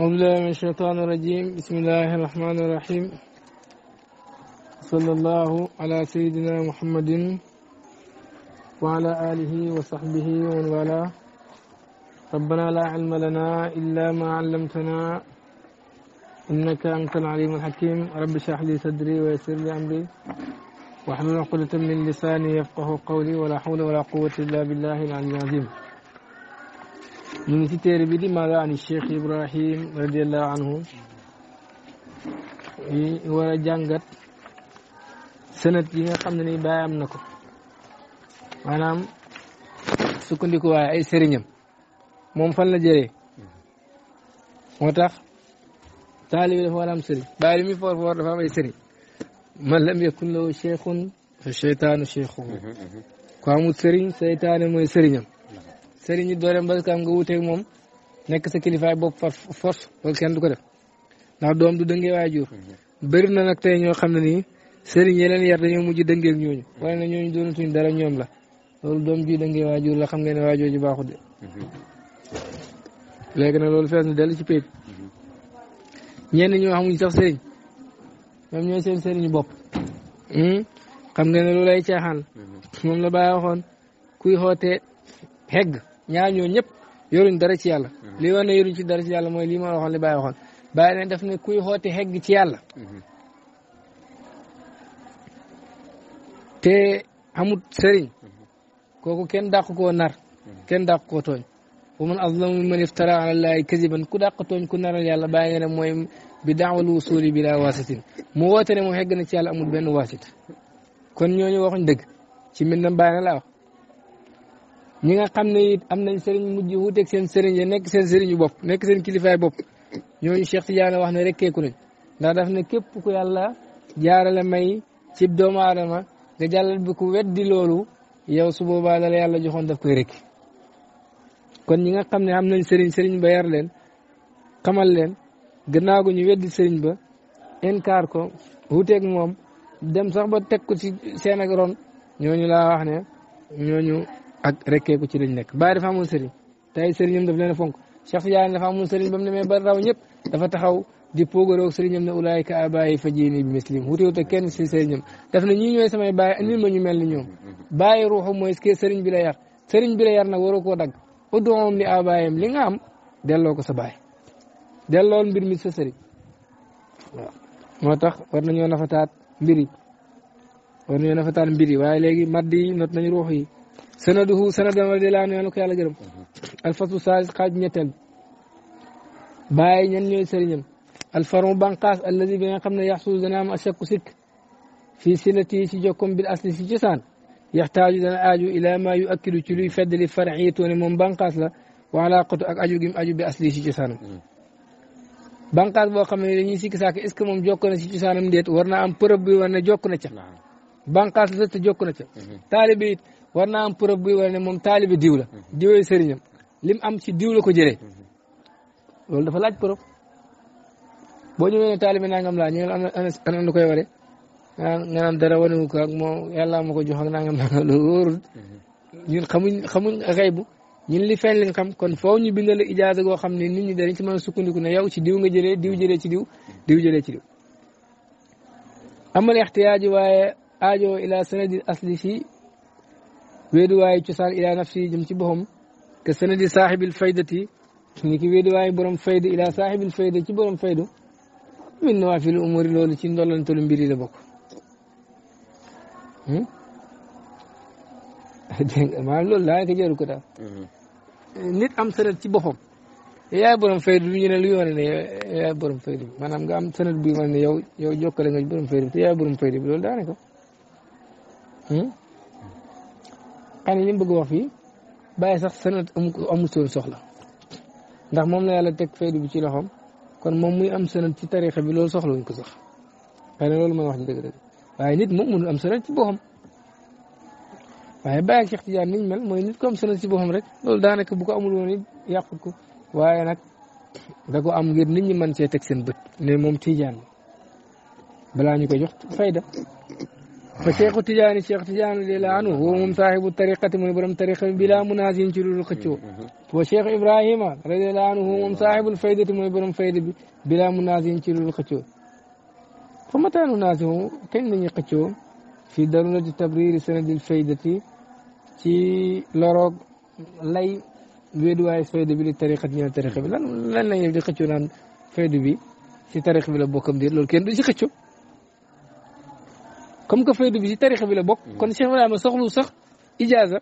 أعوذ بالله من الشيطان الرجيم بسم الله الرحمن الرحيم صلى الله على سيدنا محمد وعلى آله وصحبه ومن والاه ربنا لا علم لنا إلا ما علمتنا إنك أنت العليم الحكيم رب اشرح لي صدري ويسر لي أمري واحلل عقدة من لساني يفقه قولي ولا حول ولا قوة إلا بالله العلي العظيم ñu ngi ci téere bi di Maada ani Cheikh Ibrahim radiallahu anhu yi war a jàngat sënët yi nga xam ne ni bàyyi am na ko maanaam sukkandiku waaye ay sëriñam moom fan la jëlee moo tax taalibi dafa war a am sëriñ bàyyi li muy foor foor dafa am ay sëriñ man lam yakun lahu cheikhun fa cheytaanu cheikhuhu mm-hmm, mm-hmm. ko amul sëriñ seytaane mooy sëriñam sëriñ it doo dem ba am nga wuteeg moom nekk sa kilifaay bopp force loolu kenn du ko def ndax doom du dëngee waajur bëri na nag te ñoo xam ne nii sëriñ yeneen yar dañoo mujj dëngee ak ñooñu wala na ñooñu dara ñoom la loolu doom ji dëngee waajur la xam ngeen ne waajur ji baaxut de léegi nag loolu fees na dellu ci péej ñenn ñoo xamuñ sax sëriñ ñoom ñooy seen sëriñu bopp hmm? xam ngeen loolu ay caaxaan hmm. moom la bàyyi waxoon kuy xootee xegg ñaar ñoo ñëpp yoruñ dara ci yàlla mhm. li wax ne yoruñ ci dara ci yàlla mooy lii ma waxoon li bàyyi waxoon bàyyi ne daf ne kuy xooti xegg ci yàlla mhm. te amut sëriñ mhm. kooku kenn dàq ko nar kenn dàq koo tooñ wa man azlamu man iftara ala llahi ku dàq tooñ ku nar yàlla bàyyi nga ne mooy bi daawal wusuli bi laa waasitin mu woote ne mu xegg na ci yàlla amul benn waasit kon ñooñu waxuñ dëgg ci mbindam bàyyi na laa ñi nga xam ne it am nañ sëriñ mujj wuuteeg seen sëriñ ya nekk seen sëriñu bopp nekk seen kilifaay bopp ñooñu ti Tidiane wax ne rekkeeku nañ ndax daf ne képp ku yàlla jaarale may ci doomu aadama nga jàllal bi ku weddi loolu yow su boobaa dala yàlla joxoon daf koy rekki kon ñi nga xam ne am nañ sëriñ sëriñ ba yar leen xamal leen gannaaw gu ñu weddi sëriñ ba inkaar ko wuuteeg moom dem sax ba teg ko ci seen ak ron ñooñu laa wax ne ñooñu ak rekkeeku ci lañ nekk Baye dafa amoon sëriñ tey sëriñam daf leen a fonk Cheikh Tidiane dafa amoon sëriñ ba mu demee ba raw ñëpp dafa taxaw a poogaroo sëriñam ne ulaayka abaay fa jiini bi muslim wutewu te kenn si sëriñam daf ne ñii ñooy samay baay andil ma ñu mel ni ñoom Baye ruuxu mooy ce que sëriñ bi la yar sëriñ bi la yar nag waroo koo dagg uddoom li abaayam li nga am delloo ko sa baay delloo mbir mi sa sëriñ waaw moo tax war na nafataat mbir yi war nañoo nafataat mbir yi سنده سند ولد الله نيا نوكي على جرم الفصل السادس قاد نيتل باي نيان نيو سرينم الفرم بانقاس الذي بين قمنا يحصل زنام أشك سك في سنتي سيجوكم بالأصل سيجسان يحتاج ذا آجو إلى ما يؤكد تلو فدل فرعية ونمون بانقاس لا وعلى قطع أجو جم أجو بأصل سيجسان بانقاس بو قمنا يني سيك ساك اسك مم جوكنا سيجسان مديت ورنا أم بربي ورنا جوكنا چا نعم. بانقاس لست جوكنا چا طالبيت war naa am preuve buy wane ne moom taalibe diw la diwee sëriñam lim am ci diw la ko jëlee loolu dafa laaj preuve boo ñëwee ne taalibe nangam laa ñu am ana koy waree ah, nga naan dara wane wu ko ak ko jox ak nangam nangam loolu wóorul xamuñ xamuñ xëy bu ñun li feeñ lañ xam kon foofu ñu bindal ijaaza goo xam ne nit ñi dañ ci mën a sukkandiku ne yow ci diw nga jëlee diw jëlee ci diw diw jëlee ci diw amal ixtiyaaj waaye aajoo ila sanadi asli fii wéeduwaayu cosaan ilaa nafsi jëm ci boppam te sanadi saaxibil faydati ti ki waaye borom fayda ilaa saaxibil fayda ci borom faydu min nawaafil umuri loolu ci ndollantalu mbir la bokk. Hmm? dégg nga maanaam loolu daanaka jarul ko daal. Hmm. nit am sanad ci boppam. yaay borom faydu bi ñu ne lu yoone ne yaay borom faydu bi maanaam am sanad bi ma ne yow yow jokkale nga borom bi te yaay borom faydu loolu daanaka. Hmm? xëy na li mu bëgg wax fii bàyyi sax sanat amul soon soxla ndax moom la yàlla teg faydu bi ci loxoom kon moom muy am sanat ci tarixa bi loolu soxlawuñ ko sax xëy na loolu mooy wax ñu dëgg-dëgg waaye nit moom mënul am sanat ci boppam waaye bàyyi ak Cheikh Tidiane mel mooy nit ko am sanat ci boppam rek loolu daanaka bu ko amul woon it ko waaye nag da ko am ngir nit ñi mën cee teg seen bët ne moom tiijaan balaa ñu ko jox fayda فشيخ تجاني شيخ تجاني ليلان هو صاحب الطريقة من برم طريقة بلا منازين شرور الخشو وشيخ إبراهيم رضي الله عنه هو صاحب الفائدة من برم فائدة بلا منازين شرور الخشو فمتى ننازه كن من يقشو في ضرورة تبرير سند الفائدة في لروك لي ويدواي فائدة بلا طريقة من الطريقة لن لن يبدي خشو لان فائدة بي في طريقة بلا بوكم دير لو كن دي خشو comme que faydu bi ci tarixa bi la bokk kon Cheikh Ibrahima soxlu sax ijaaza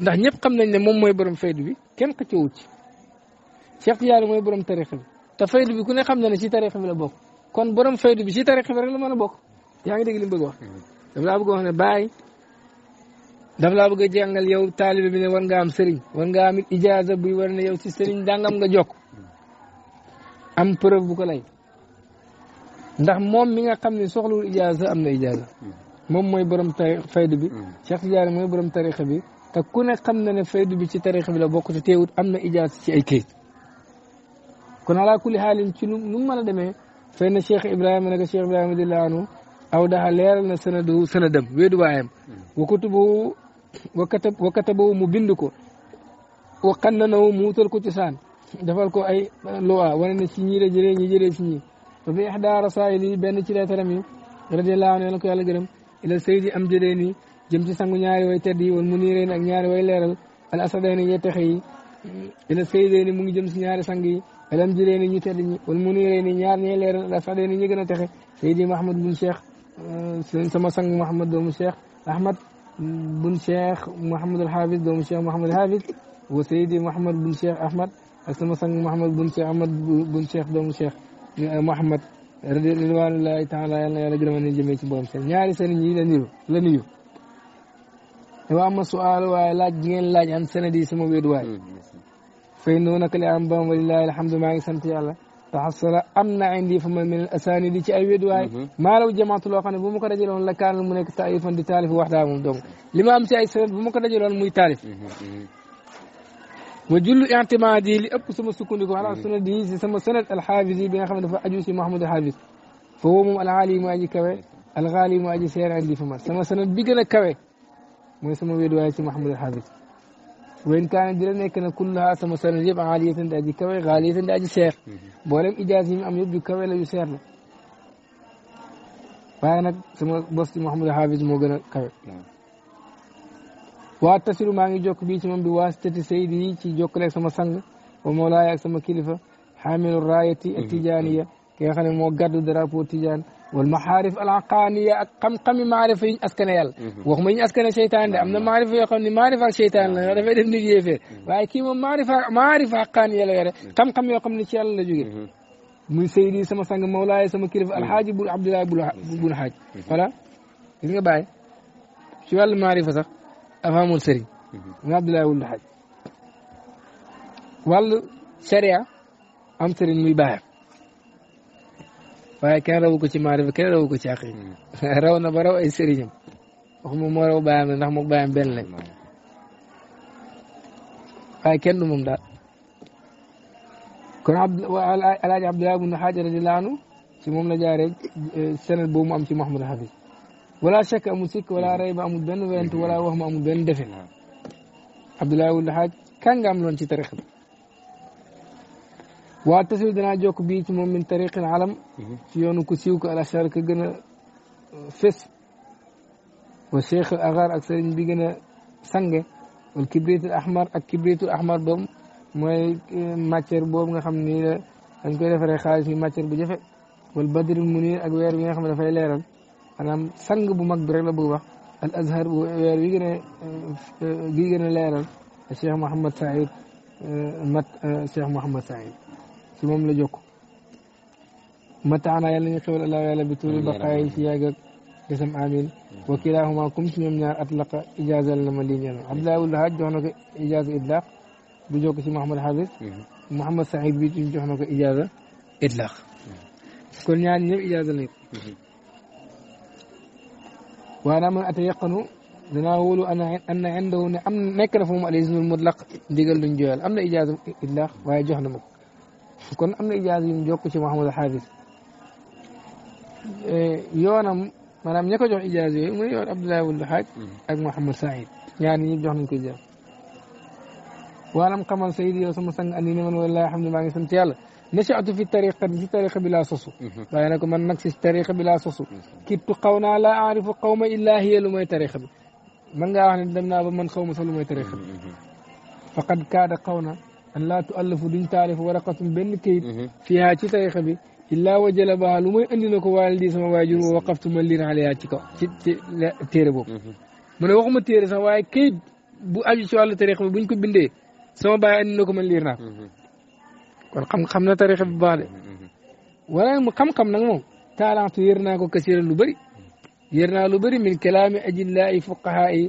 ndax ñëpp xam nañ ne moom mooy borom faydu bi kenn xëccewut ci Cheikh Tidiane mooy borom tarixa bi te faydu bi ku ne xam na ne ci tarixa bi la bokk kon borom faydu bi ci tarixa bi rek la mën a bokk yaa ngi dégg li mu bëgg wax daf laa bëgg wax ne bàyyi daf laa bëgg a jàngal yow taalibe bi ne war nga am sëriñ war nga am it ijaaza buy war ne yow ci sëriñ dangam nga jokk am preuve bu ko lay ndax moom mi nga xam ne soxlawul ijaza am na ijaza moom mooy borom tari faydu bi Cheikh Tidiane mooy borom tarixa bi te ku ne xam na ne faydu bi ci tarixa bi la bokk te teewut am na ijaza ci ay këyit kon ala kulli xaalin ci nu nu mu mën a demee fay na Cheikh Ibrahima ko Cheikh Ibrahima di laanu aw daxa leeral na sanadu sanadam wéedu waayam wa kutubu wa katab wa katabu mu bind ko wa xannanawu mu wutal ko cosaan defal ko ay loi wane ne ci ñii la jëlee ñi jëlee ci ñii ففي إحدى رسائلي بين تلا ترمي رضي الله عنه ينكو يالا جرم إلى سيدي أمجديني جمت سنغو نياري ويتدي والمنيرين أك نياري ويلارل الأسدين يتخي إلى سيدي مونغي جمت نياري سنغي الأمجديني نيتدي والمنيرين نيار نيلارل الأسدين يغنى تخي سيدي محمود بن شيخ سلين آه، سما سنغ محمد دوم شيخ أحمد بن شيخ محمد الحافظ دوم شيخ محمد الحافظ وسيدي محمد بن شيخ أحمد أسلم سنغ محمد بن شيخ أحمد بن شيخ دوم شيخ Muhammad ridwanullahi taala yal na yàlla gërëma ni jëmee ci borom seen ñaari seen ñi la niru la niyu waa ma suaal waaye laaj gi ngeen laaj an sanad yi sama wéeduwaay hmm, fay noo naka li am bam walilahi alhamdu maa ngi sant yàlla taxasala am na indi fa man min asaani di ci ay wéeduwaay hmm, hmm. maa law jamaatu loo xam ne bu ma ko dajaloon la kaanal mu nekk taifan di taalif waxdaa moom donc li ma am si ay sanad bu ma ko dajaloon muy taalif وجل اعتمادي لأبك سمى سكونك على سنة دي سمى سنة الحافظي بين خمد فأجوسي محمد الحافظ فهو العالي ما أجي كوي الغالي ما أجي سير عندي فما سمى سنة بيقنا كوي ما يسمى بيدوها يسمى محمد الحافظ وإن كان جلنا كان كلها سمى سنة جيب عالية سنة أجي كوي غالية سنة أجي سير بولم إجازي أم يبدو كوي لا يسير له فأنا سمى بصدي محمد الحافظ موغنا كوي نعم. واتسلو ماغي جوك بي سمم بواسطه سيدي تي جوك لك سما سانغ ومولاي اك سما خليفه حامل الرايه التجانيه كي خا نمو غاد درابو تيجان والمحارف العقانيه قم قم معرفه اسكن يال واخما ني اسكن شيطان امنا معرفه يا خني معرفه الشيطان لا دافاي ديف نيت ييفه واي كي مو معرفه معرفه عقانيه لا يره قم قم يا خم ني يال لا جوغي مي سيدي سما سانغ مولاي سما خليفه الحاج عبد الله بن حاج فلا غير باي شوال معرفه صح أمام سري ما عبد الله ولا حد والله سريع أم سري مي باه فا كان رو كتش معرفة كان رو كتش أخي رو نبرا أي سري جم هم مرا باه من نحن باه بيننا فا كان نو ممدا كان عبد الله عبد الله بن حاجة رضي الله عنه سمو من جاري إيه، سنة بوم أم محمد الحديث ولا شك أمو سك ولا ريب أمو بن وأنت ولا وهم أمو بن دفن عبد الله يقول حاج كان قام لون تاريخ واتصل دنا جوك بيت من طريق العالم يونو كسيوك على شارك جنا فس والشيخ الأغار أكثر من بيجنا سنجة والكبريت الأحمر الكبريت الأحمر بوم ما matière boobu nga xam ni dañ koy defaree xaalis yi matière bu jafe wala badril munir ak maanaam sang bu mag bi rek la bëgg wax al azhar bu weer wi gën a gi gën a leeral cheikh Mouhamed Saïd mat cheikh Mouhamed Saïd ci moom la jokk mataana yàlla ñu xewal allah yàlla bi tuuri baqaayi ci yàgg ak desam amin wa kilahuma kum ci ñoom ñaar atlaqa ijaazal na ma lii ñeel abdoulaye wul haaj jox na ko ijaaza itlaq bu jokk ci Mouhamed Habib Mouhamed Saïd bi jox na ko ijaaza itlaq kon ñaar ñëpp ijaaza lañ ko وانا من اتيقن دنا وولو انا ان عنده نعم نكرف مو الاذن المطلق ديغل لو امنا اجازه الا واي جوخنا كون امنا اجازه يم سي محمد الحارث إيه، يونم مانام نيكو جوخ اجازه مي يون عبد الله بن الحاج اك محمد سعيد يعني ني جوخ نكو جوخ ولم كمل سيدي وسم اني من والله الحمد لله ما سنت يالله nachaatu fi tariqa ci tariqa bi laa sosu waaye ne ko man nag si tariqa bi laa sosu kittu xaw naa laa aarifu xaw ma illaa hiya lu mooy tariqa bi man ngaa wax ne dem naa ba man xaw ma sax lu mooy tariqa bi faqad kaada xaw na an laa tuallafu duñ taalifu waraqatum benn kayit fiihaa ci tariqa bi illaa wajala baa lu mooy andi na ko waalidi sama waajur wa waqaftu ma liir aliyaa ci kaw ci ci téere boobu mu ne waxuma téere sax waaye kayit bu aju ci wàllu tariqa bi buñ ko bindee sama bàyyi andi na ko man liir naa ko kon xam xam na tarixa bi baax de wala mu xam-xam nag moom taalante yër naa ko kasira lu bëri yër naa lu bëri min kalaami ajillaayi fuqahaa yi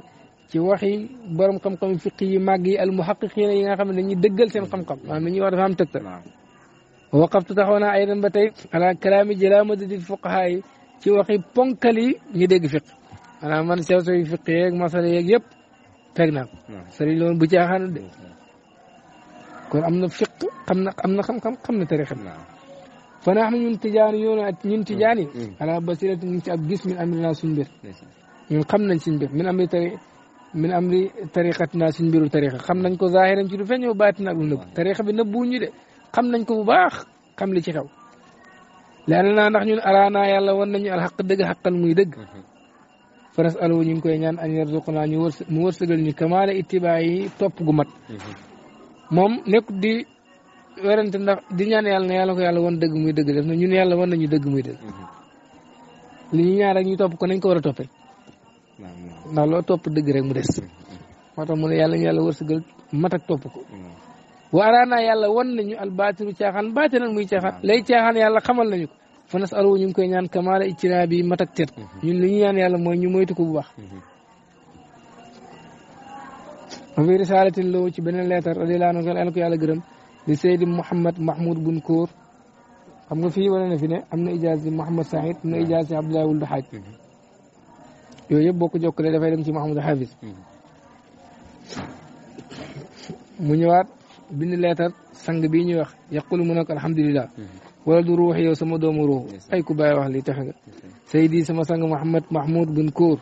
ci waxi borom xam-xam fiq yi màgg yi al muhaqiqiina yi nga xam ne dañuy dëggal seen xam-xam maanaam dañuy wax dafa am tëgtal waqaftu taxaw naa aydan ba tey ala kalaami jalamadadi fuqahaa yi ci waxi ponkal yi ñu dégg fiq maanaam man sew soy fiq yeeg masala yeeg yëpp teg naa ko sëriñ loolu bu caaxaanu de kon am na fiq xam na am na xam-xam xam na tarixa bi fa naax na ñun tijaan yoonu ak ñun tijaan yi ala basirati ñu ngi ci ab gis min amri naa suñ mbir ñun xam nañ suñ mbir min amri tari min amri tariqat naa suñ mbiru tarixa xam nañ ko zahiran ci du feeñ yow baatin ak lu nëbb tarixa bi nëbbu ñu de xam nañ ko bu baax xam li ci xew leena naa ndax ñun araanaa yàlla wan nañu alxaq dëgg xaqal muy dëgg faras alo ñu ngi koy ñaan an yarzuqnaa ñu wërs mu wërsëgal ñu kamaale itibaa yi topp gu mat moom nekkut di werante ndax di ñaan yàlla na yàlla ko yàlla wan dëgg muy dëgg def na ñun yàlla wan nañu dëgg muy dëgg mm-hmm. li ñu ñaan rek ñu topp ko nañ ko war a toppee mm-hmm. ndax loo topp dëgg rek mu des mm-hmm. moo tax mu ne yàlla ñu yàlla wërsëgal mat ak topp ko waa waaraanaa yàlla wan nañu al baatiru caaxaan baatiran muy caaxaan lay caaxaan yàlla xamal nañu ko fa nas alu ñu ngi koy ñaan kamaala iccinaa bi mat ak tet ñun li ñu ñaan yàlla mooy ñu moytu ko bu baax وفي رسالة الله في بن الليتر رضي الله عنه قال ألقى على قرم لسيد محمد محمود بن كور أم في ولا نفنى أم إجازة محمد سعيد أم إجازة عبد الله ولد حاج يو يبوك جوك لدى فايدم سي محمد حافظ منيوات بن الليتر سنگ بي نيوخ يقول منك الحمد لله ولد روحي وسمو دوم روح أي كباية وحلي تحقق سيدي سما سنگ محمد محمود بن كور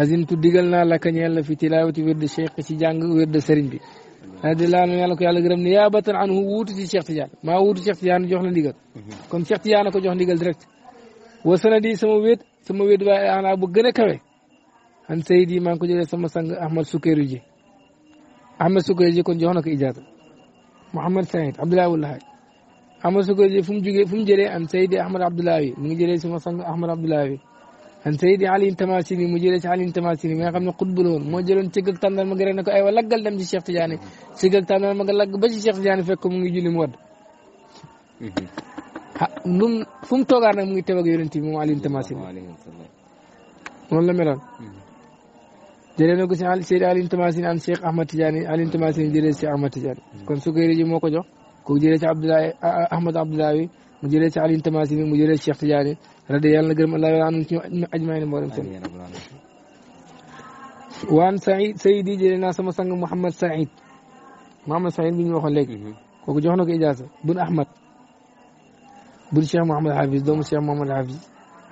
azimtu digal naa lakka ñeel la fi tilaawati wérde cheikh ci jàng wérde sëriñ bi alhamdulilah nu yàlla ko yàlla gërëm ni yaa batan an hu wuutu ci Cheikh Tidiane maa wuutu Cheikh Tidiane jox la ndigal mhm. kon Cheikh Tidiane ko jox ndigal direct wa sanadi sama wéet sama wéet waaye ana bu gën a kawe an sayidi maa ngi ko jëlee sama sang Ahmad Sukeeru ji Ahmad Sukeeru ji kon jox na ko ijaasa Mouhamed Saïd Abdoulaye Wulaay Ahmad Sukeeru ji fu mu jógee fu mu jëlee an sayidi Ahmad Abdoulaye mu ngi jëlee sama sang Ahmad Abdoulaye an sayidi aliin tamasini mu jëlee ci aliin tamasini mi nga xam ne xutbu la woon moo jëloon cëgg ak tàndal ma ga rek ne ko ay wa laggal dem ci Cheikh Tidiane cëgg ak tàndal ma nga lagg ba ci Cheikh Tidiane fekk mu ngi julli mu wadd ah lu mu fu mu toogaar nag mu ngi teew ak yonent bi moom aliin tamasini noonu la meloon hmm. jëlee na ko si sayidi aliin tamasini an Cheikh Ahmad Tidiane aliin tamasini jëlee si Ahmad Tidiane hmm. kon sukayri ji moo ko jox kooku jëlee ci Abdoulaye Ahmad Abdoulaye mu jëlee ci aliin tamasini mu jëlee ci Cheikh Tidiane radi yàlla na gërëm allah yàlla am na ci ñu ajmaine mboolem seen waan Saïd Saïd yi jëlee naa sama sang Mouhamed Saïd Mouhamed Saïd bi ñu waxoon léegi mhm. kooku jox na ko ijaasa bun Ahmad bun Cheikh Mouhamed Hafiz doomu Cheikh Mouhamed Hafiz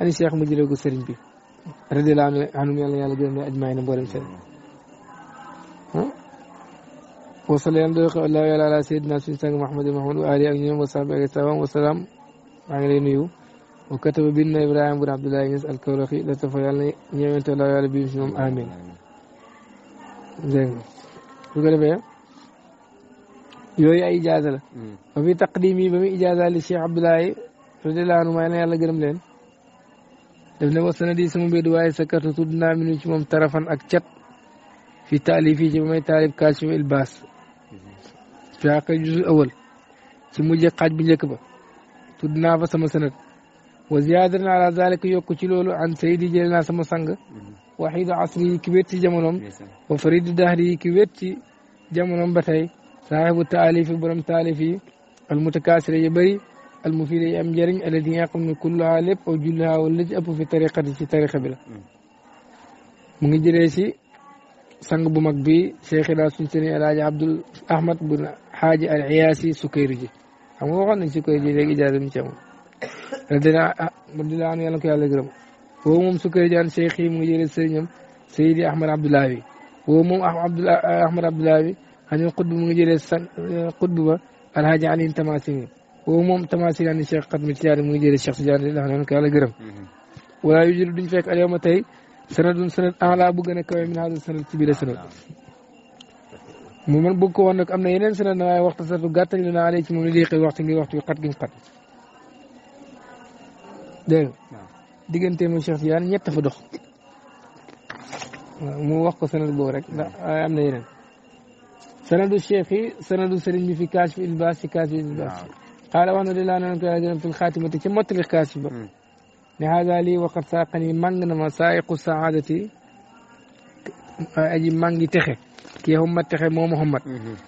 ani Cheikh mu jëlee ko sëriñ bi radi laa anum yàlla yàlla gërëm na ajmaine mboolem seen mhm. wasal yàlla doy ko allah yàlla ala sayyidina suñu sang Mouhamed Mouhamed wa ali ak ñoom wa sahbi ak salaam wa salaam maa ngi lay nuyu وكتب بنا إبراهيم بن عبد الله يسأل كورخي لا تفعل نعم أنت يعلم بهم شنهم آمين زين وقال بيا يوي أي إجازة وفي تقديمي بمي إجازة للشيخ عبد الله رضي الله عنه ما الله قرم لين ابن وصنا دي سمو بدواي سكرت تدنا من شمم طرفا أكتب في تأليفي شمم تأليف كاشف الباس في عقل الجزء الأول شمو جي قاج بجيكبه تدنا فسما سنة وزيادة على ذلك يقتلول عن سيدي جلنا سمسانغ وحيد عصري كبيرتي جمنام وفريد دهري كبيرتي جمنام بتاي صاحب التاليف برم تاليفي المتكاسر يبري المفيد يام جرين الذي يقوم كل عالب أو جلها ولد أبو في طريقة في طريقة بلا من جريسي سانغ بمقبي شيخ راسل سني راج عبد أحمد بن حاج العياسي سكيرجي أمو غنن سكيرجي لك إجازة من جمنام dina ah man dina am yàlla ko yàlla gërëm woowu moom sukkari jaan cheikh yi mu ngi jëlee sëriñam Seydi Ahmad Abdoulaye bi woowu moom ah, ah, ah, Ahmad Abdoulaye bi xanaa xutbu mu ngi jëlee san xutbu eh, ba alhaaji Aliin Tamasini woowu moom Tamasini ani cheikh xatmi Tijaani mu ngi jëlee cheikh Tijaani yi yàlla ko yàlla gërëm mm-hmm. wala yu jël duñ fekk al yawma tey sanadun sanad ala bu gën a kawe min haada sanad ci biir sanad mu man bëgg ko woon nag am na yeneen sanad na waaye waxtu sartu gàttañ la naa alee ci moom li liqi waxtu ngir waxtu bi xat giñ xat dégg nga diggante mu Cheikh Tidiane ñett fa dox mu wax ko sanad boobu rek ndax hmm. na yeneen sanadu cheikh yi sanadu bi fi kaas fi ilbaas ci kaas fi ilbaas xaala wax di laa nan ko gërëm fi xaatimati ci mottali kaas ba hmm. ne haada lii waqat saaqani màng na ma saaiqu saadati aji màngi texe kii xommat texe moo hmm. ma xommat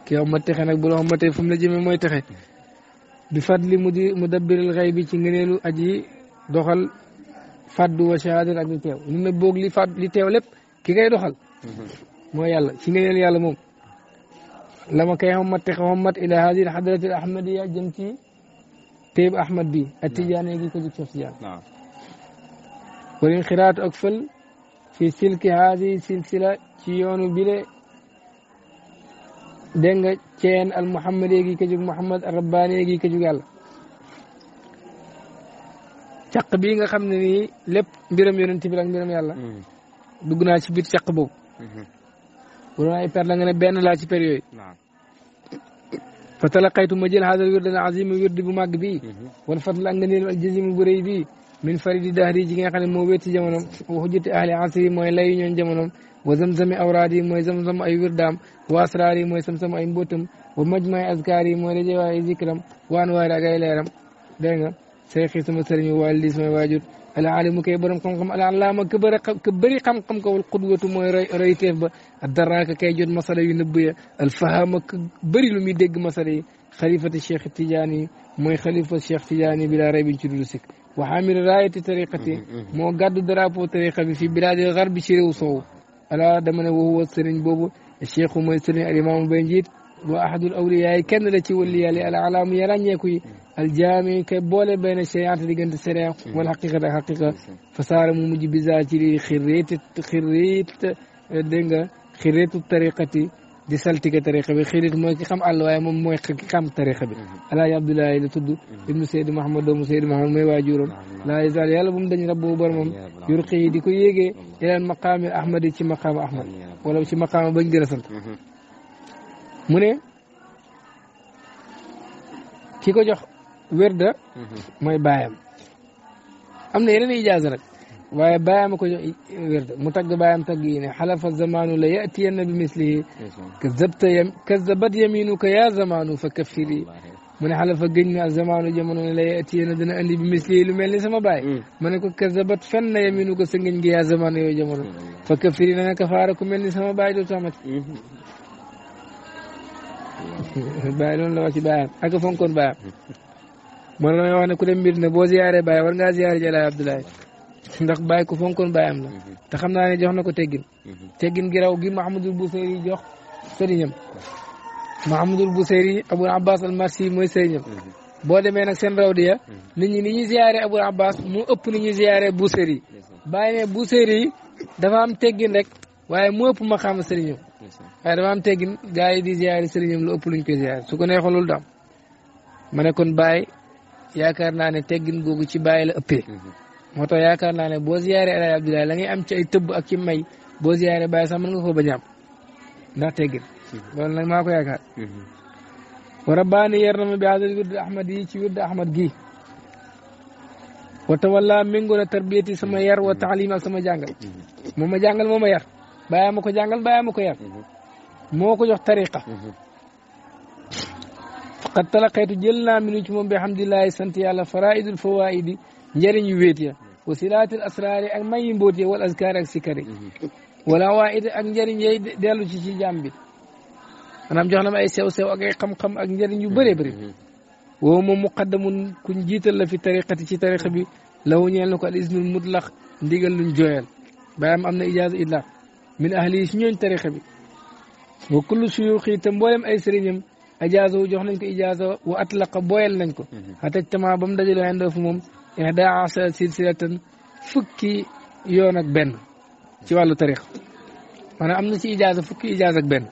kii xommat texe nag bu la xommatee fu la jëmee mooy texe bi fadli mu di mu dabbiril xay bi ci ngëneelu aji doxal faddu wa shahadat ak li teew lu ne boog li fad li teew lépp ki ngay doxal mooy yàlla ci ngëneel yàlla moom lama koy xommat te xommat ila hadil hadratil ahmadiya jëm ci téeb ahmad bi ak tijaane gi ko jik sof tijaan wala xiraatu ak fël fi silki haadi silsila ci yoonu bile dégg nga ceen al muhammad gi ko jug muhammad al rabbaani gi ko jug yàlla caq bii nga xam ne nii lépp mbiram yonent bi ak mbiram yàlla. Hmm. dugg naa ci biir caq boobu. bu hmm. doon ay per la ne benn laa ci per yooyu. fa talaqaytu ma jël haadal wirdan azima wirdi bu màgg bii. Hmm. wal fadl ak nga neel ak jazim bu min faridi dahri ji nga xam ne moo wéeti jamonoom wa hujjati ahli asri mooy layu ñoon jamonoom wa zamzami awraad yi mooy zamzam ay wirdaam wa asraar yi mooy samsam ay mbóotam wa majmay azkaar yi mooy rajewaay zikram wa anwaar ak ay leeram dégg شيخ اسمه سلمي والدي اسمه واجد العالم كبر كم كم العلامة كبر كبر كم كم كم القدوة ما ريتيف الدراكة كي يجد مسألة ينبيا الفهم كبر لم يدق مسألة خليفة الشيخ تجاني ما خليفة الشيخ تجاني بلا ريب يجلسك وحامل راية طريقتي ما قد درابو طريقة في بلاد الغرب شيء وصو على دمنا وهو سرنج بابو الشيخ ما سرنج الإمام بنجيت واحد الاولياء كان لا تولي لي على علام يرانيكوي الجامع كبول بين الشيعات ديغنت سري والحقيقه ده حقيقه فصار مجي بزاتي لي خريت خريت دنگا خريت الطريقه دي دي سالتي طريقه بي خريت موي خم الله واي موم موي خم طريقه بي على عبد الله اللي تود ابن سيد محمد ابن سيد محمد مي واجورم نعم، نعم. لا يزال يالا بوم دني ربو برمم يرقي ديكو ييغي الى مقام احمد تي مقام احمد ولا تي مقام بنجرسنت mu ne ki ko jox wérda mhm. mooy baayam am na yeneen ijaaza nag waaye baayam ko jox wérda mu tagg baayam tagg yi ne xalafa zamanu la yatiyanna bi mislihi kazabta yam kazabat yaminuka ya zamanu fa kaffiri mu ne xalafa gëñ na zamanu jamono ne la yatiyanna dina andi bi mislihi lu mel ni sama baay ma mm. ne ko kazabat fen na yaminuka sa ngëñ gi ya zamanu yooyu jamono mm. fa kaffiri na nga kafaara ku mel ni sama baay dootu amati bàyyi loolu la wax ci bàyyam ak fonkoon bàyyam moo na wax ne ku dem mbir ne boo ziyaaree bàyyi war ngaa ziyaare Jalaay Abdoulaye ndax baay ko fonkoon bàyyam la te xam naa ne jox na ko teggin teggin gi raw gi Mahamadul Busayri jox sëriñam Mahamadul Busayri Abul Abbas al Marsi mooy sëriñam boo demee nag seen raw di ya nit ñi ni Abbas mu ëpp ni ñuy ziyaare Busayri bàyyi ne Busayri dafa am teggin rek waaye mu ëpp ma xam sëriñam waaye dama am teggin gars yi di ziare sëriñam lu ëpp luñ koy ziare su ko neexul loolu daam ma ne kon bàyyi yaakaar naa ne teggin googu ci bàyyi la ëppee. Mhm. moo tax yaakaar naa ne boo ziare El Hadj Abdoulaye la ngay am ci ay tëbb ak ci may boo ziare bàyyi sax mën nga ko bañ a am ndax teggin. Mhm. loolu nag maa ko yaakaar. Mhm. wa rabbaani yar na ma bi hadal wirdu ahmad yi ci wirdu ahmad gii. wa méngoo na tarbiyati sama yar wa taalim ak sama jàngal. moo ma jàngal moo ma yar. bàyyi ma ko jàngal bàyyi ma ko yar moo ko jox tariqa faqad talaqaytu jël naa minu ci moom bi alhamdulilahi sant yàlla faraidul fawaidi njëriñ yu wéet ya wa silaatil asraari ak may yi ya wal askar ak sikari wala waid ak njëriñ yay dellu ci ci jàmm bi maanaam jox na ma ay sew-sew ak ay xam-xam ak njëriñ yu bëree bëri woo moom muqaddamun kuñ jiital la fi tariqati ci tariqa bi lawu ñeel ko al isnul mutlaq ndigal luñ jooyal bàyyam am na idlaq من أهل يشنون تاريخ بي وكل شيوخي تنبولم أي سريم أجازو جوهنك إجازة وأطلق بويل لنكو حتى اجتماع بمدجل عندو فموم إحدى عصر سلسلة فكي يونك بن تيوالو تاريخ أنا أمنا سي إجازة فكي إجازة بن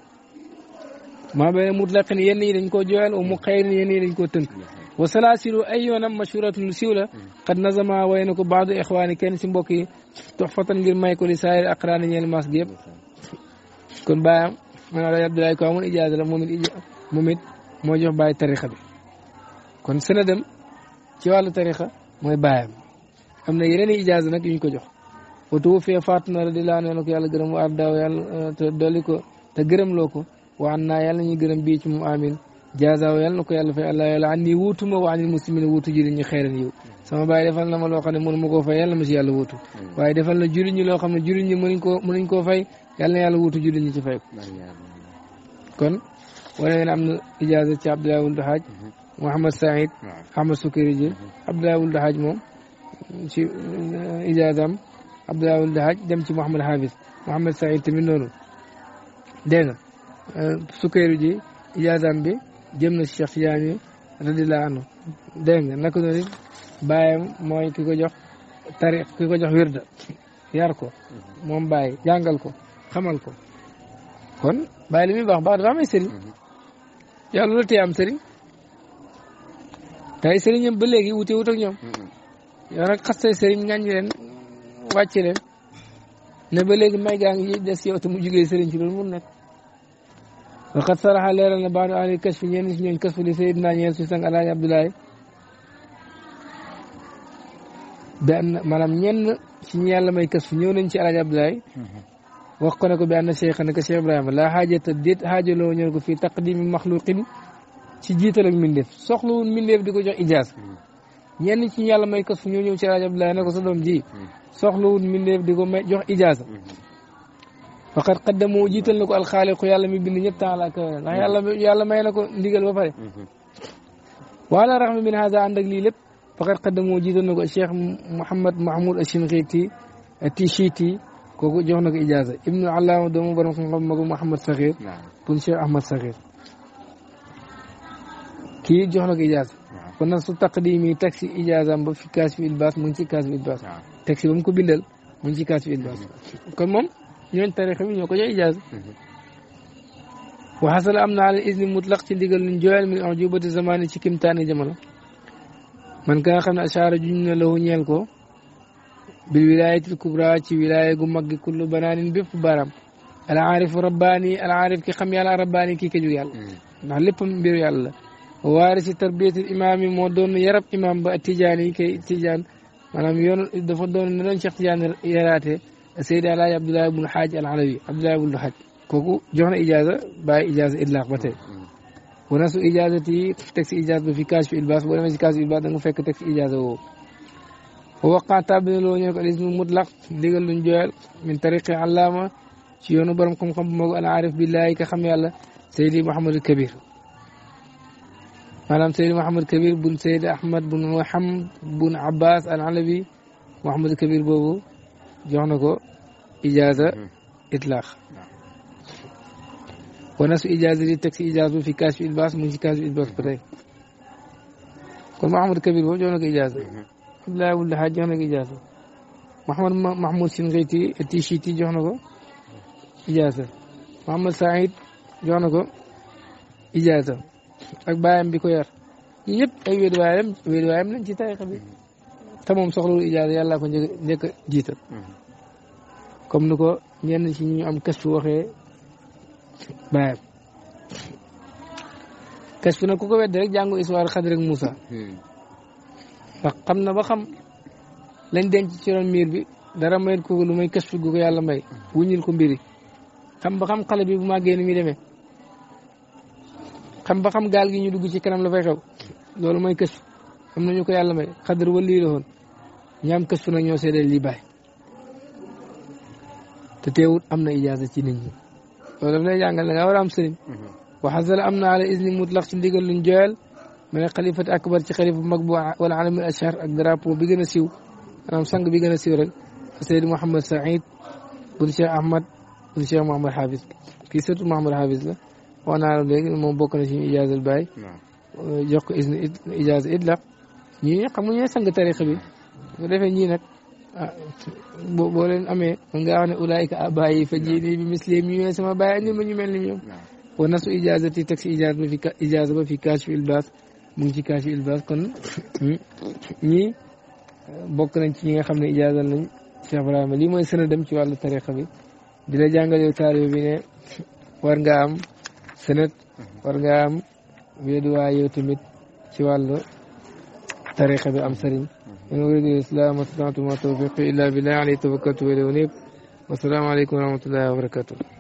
ما بين مطلقين يني لنكو جوال ومقين يني لنكو تنكو wa salaasilu ay yoonam mashhuratun lu siiw la xad nazama way na ko baadu ixwaani kenn si mbokk yi toxfatan ngir may ko li saayir aqraani ñeel mas gi yëpp kon bàyyam man alaaji Abdoulaye ko amoon ijaaza la moom it moom it moo jox bàyyi tarixa bi kon sanadam ci wàllu tarixa mooy bàyyam am na yeneen i ijaaza nag yu ñu ko jox watu fee faatu na radiyallaahu anhu yàlla ko yàlla gërëm wa ardaaw yàlla te dolli ko te gërëm loo ko wa an naa yàlla ñuy gërëm bii ci mu amin jaazaaw yàlla na ko yàlla fay àlla yàlla an nii wuutuma wa anil muslimina wuutu jullit ñi xeyran yow sama bàyyi defal na ma loo xam ne mënu ma koo fay yàlla ma si yàlla wuutu hmm. waaye defal na jullit ñi loo xam ne jullit ñi mënuñ koo mënuñ koo fay yàlla na yàlla wuutu jullit ñi ci fay ko kon wane na am na ijaaza ci Abdoulaye Wuld Haaj hmm. Mouhamad Saïd Ahmad Sukari ji hmm. Abdoulaye Wuld Haaj moom ci uh, ijaazaam Abdoulaye Wuld Haaj dem ci Mouhamad Hafiz Mouhamad Saïd tamit noonu dégg nga uh, Sukari ji ijaazaam bi jëm na si Cheikh Tidiane radiyallahu anhu dégg nga naka noonu mooy ki jox tariq ki ko jox wirda yar ko moom bàyyi jàngal ko xamal ko kon bàyyi li muy baax baax dafa am ay sëriñ yàlla la téye am sëriñ te ay sëriñam ba léegi wute wut ak ñoom yow nag xas say sëriñ ngàññ leen wàcce leen may gaa ngi des yow te mu jugee sëriñ ci loolu mun nekk وقد صرح ليلا أن بعض أهل الكشف ينس من الكشف لسيدنا يسوع سان على عبد الله بأن maanaam ñenn si ñu yàlla may kës ñëw nañ ci alaaj Abdoulaye wax ko ne ko bi ànd Cheikh ne ko Cheikh Ibrahima laa xaajata déet xaajaloo ñu ne ko fii taqdimi maxluqin ci jiital ak mbindeef soxlawul mbindeef di ko jox ijaas ñenn ci yàlla may kës ñëw ñëw ci alaaj Abdoulaye ne ko sa doom ji soxlawul mbindeef di ko may jox ijaasa فقد قدموا جيت لك الخالق يالا مي بن نيب تعالى ك لا يالا يالا ماي لك ديغال با فاري وعلى رغم من هذا عندك لي لب فقد قدموا جيت لك الشيخ محمد محمود الشنقيتي التيشيتي كوكو جوخ نك اجازه ابن علامه دوم بروم خم محمد صغير بن شيخ احمد صغير كي جوخ نك اجازه كنا سو تقديمي تاكسي اجازه في في الباس من كاس في الباس تاكسي بمكو بندل من كاس في الباس كون موم نين تاريخ مين يوكو جايجاز وحصل أمنا على الإذن المطلق تلقل من جوال من أعجوبة الزمان تشكيم تاني جمال من كان خمنا أشعار جنة له نيالكو بالولاية الكبرى تي ولاية قمك كل بنان بف بارم العارف رباني العارف كي خمي على رباني كي كجويال نحلبهم بريال وارث تربية الإمام مودون يرب إمام بأتجاني كي تجان manam yon dafa don nañ cheikh tidiane yaraté Seydi Alaaji Abdoulaye bun Xaaj al Alawi Abdoulaye bun Xaaj kooku jox na ijaaza bàyyi ijaaza itlaq ba tey mm-hmm. wana su ijaazati teg si ijaaza ba fi kaas fi ilbaas boo demee si kaas fi ilbaas da nga fekk teg si ijaaza woowu wa waqaa tabbine loo ñëw ko al ismu mutlaq ndigal luñ joyal min tariqi allaama ci yoonu borom xam-xam bu mag al aarif billaahi ka xam yàlla Seydi Mouhamadou Kabir maanaam Seydi Mouhamadou Kabir bun Seydi Ahmad bun Waham bun Abbas al Alawi Mouhamadou Kabir boobu jox na ko ijaaza itlaax kon nag su ijaaza di teg si ijaaza bu fi kaas fi ilbaas mu ngi si kaas fi ilbaas ba tey kon Mouhamad Kabir boobu jox na ko ijaaza Abdoulaye Wuld Haaj jox na ko ijaaza Mouhamad Mahmoud Singayti Tichiti jox na ko ijaaza Mouhamad Saïd jox na ko ijaaza ak baayam bi ko yar ñi ñëpp ay wéeruwaayam wéeruwaayam lañ ci tariqa bi te moom soxlawul ijaasa yàllaa ko njëkk njëkk jiital comme ni ko ñenn ci ñu am kes fu waxee bàyyam kes fu nag ku ko wedd rek jàngu histoire Xadr ak Moussa ndax xam na ba xam lañ denc ci ron miir bi dara mayet ko lu may kes fu gu ko yàlla may wuññil ko mbiri xam ba xam xale bi bu ma ni mi demee xam ba xam gaal gi ñu dugg ci kanam la fay xew loolu mooy kes am nañu ko yàlla may Xadr wali la woon ñam kessu na ñoo sédé li bay te teewul amna ijaza ci nit ñi do daf lay jàngal nga ngaa am sëriñ wa hazal amna ala izni mutlaq ci ndigal luñ jël mané khalifat akbar ci xalifa mag bu alam al ashar ak drapo bi gëna siw am sang bi gëna siw rek Seydou Mouhamed Saïd bu Cheikh Ahmad bu Cheikh Mouhamed Hafiz kii surtout Mouhamed Hafiz la wana naa la léegi moom bokk na ci ñu ijaazal bàyyi jox ko izni ijaza itlaq ñi xamu ñe sang tariikh bi bu defee ñii nag ah, boo boo leen amee mën nga wax ne ulaayika abaayi fa ji nii bi misli mi sama baay andi ma ñu mel ni ñoom. wa nasu ijaazati teg si ijaaz ba fi ijaaz ba fi ilbaas mu ngi ci kaashfi ilbaas kon ñii eh, bokk nañ ci ñi nga xam ne ijaazal nañ Cheikh Ibrahima lii mooy sanadam ci wàllu tariqa bi di la jàngale yow taalibe bi ne war ngaa am sanad war ngaa am wéeduwaay tamit ci wàllu tariqa bi am sëriñ. إن أريد الإسلام واستطعت ما توفيقي إلا بالله عليه توكلت وإليه أنيب والسلام عليكم ورحمة الله وبركاته